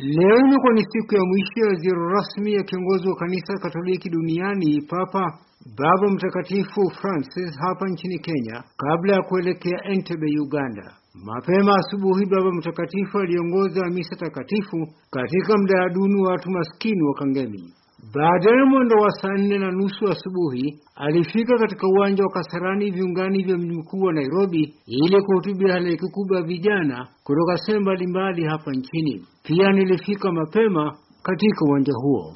Leo imekuwa ni siku ya mwisho ya ziara rasmi ya kiongozi wa kanisa Katoliki duniani Papa Baba Mtakatifu Francis hapa nchini Kenya kabla ya kuelekea Entebbe, Uganda. Mapema asubuhi, Baba Mtakatifu aliongoza misa takatifu katika mdaa duni wa watu maskini wa Kangemi. Baadaye mwendo wa saa nne na nusu asubuhi alifika katika uwanja wa Kasarani viungani vya mji mkuu wa Nairobi ili kuhutubia halaiki kubwa ya vijana kutoka sehemu mbalimbali hapa nchini. Pia nilifika mapema katika uwanja huo.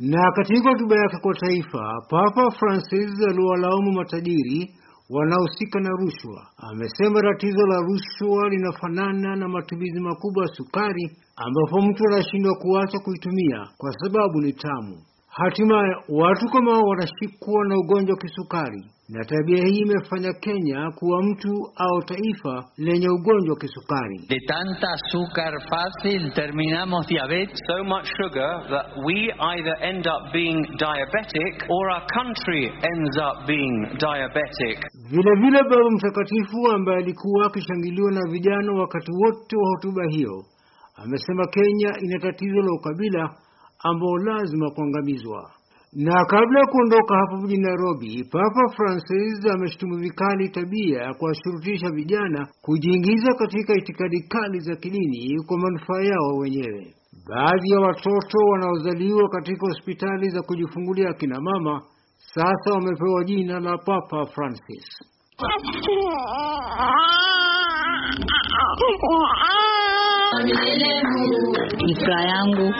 Na katika hotuba yake kwa taifa, Papa Francis aliwalaumu matajiri wanaohusika na rushwa. Amesema tatizo la rushwa linafanana na matumizi makubwa ya sukari, ambapo mtu anashindwa kuacha kuitumia kwa sababu ni tamu. Hatimaye watu kama wanashikwa na ugonjwa wa kisukari, na tabia hii imefanya Kenya kuwa mtu au taifa lenye ugonjwa wa kisukari. De tanta azúcar fácil terminamos diabetes. So much sugar that we either end up being diabetic or our country ends up being diabetic. Vile vile Baba Mtakatifu ambaye alikuwa akishangiliwa na vijana wakati wote wa hotuba hiyo amesema Kenya ina tatizo la ukabila ambao lazima kuangamizwa. Na kabla ya kuondoka hapo mjini Nairobi, Papa Francis ameshutumu vikali tabia ya kuwashurutisha vijana kujiingiza katika itikadi kali za kidini kwa manufaa yao wenyewe. Baadhi ya watoto wanaozaliwa katika hospitali za kujifungulia akina mama sasa wamepewa jina la Papa Francis. ni furaha yangu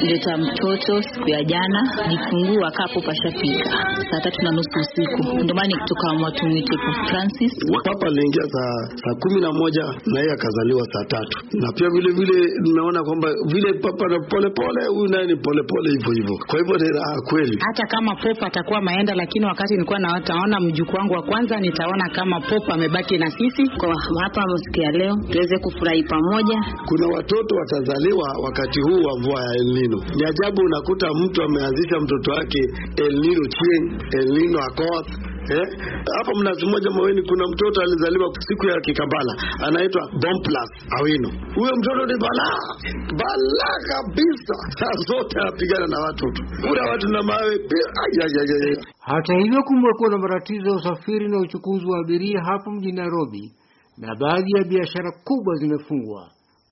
kuleta mtoto siku ya jana, jifungua kapo pashafika saa tatu na nusu usiku, ndio maana kutoka watu mwite Francis. Papa aliingia saa kumi na moja na yeye akazaliwa saa tatu, na pia vile vile nimeona kwamba vile papa na pole pole, huyu naye ni pole pole hivyo hivyo, kwa hivyo ni raha kweli. Hata kama popa atakuwa maenda, lakini wakati nilikuwa nataona mjuku wangu wa kwanza, nitaona kama popa amebaki na sisi kwa hapa siku leo tuweze kufurahi pamoja. Kuna watoto watazaliwa kuzaliwa wakati huu wa mvua ya El Nino. Ni ajabu unakuta mtu ameanzisha mtoto wake El Nino Chieng, El Nino Akoth hapa eh, Mnazi Mmoja Maweni kuna mtoto alizaliwa siku ya kikabala anaitwa Bomplas Awino. Huyo mtoto ni balaa balaa kabisa, saa zote anapigana na watu tu, kuna watu na mawe. Hata hivyo, kumekuwa na matatizo ya usafiri na uchukuzi wa abiria hapo mjini Nairobi, na baadhi ya biashara kubwa zimefungwa.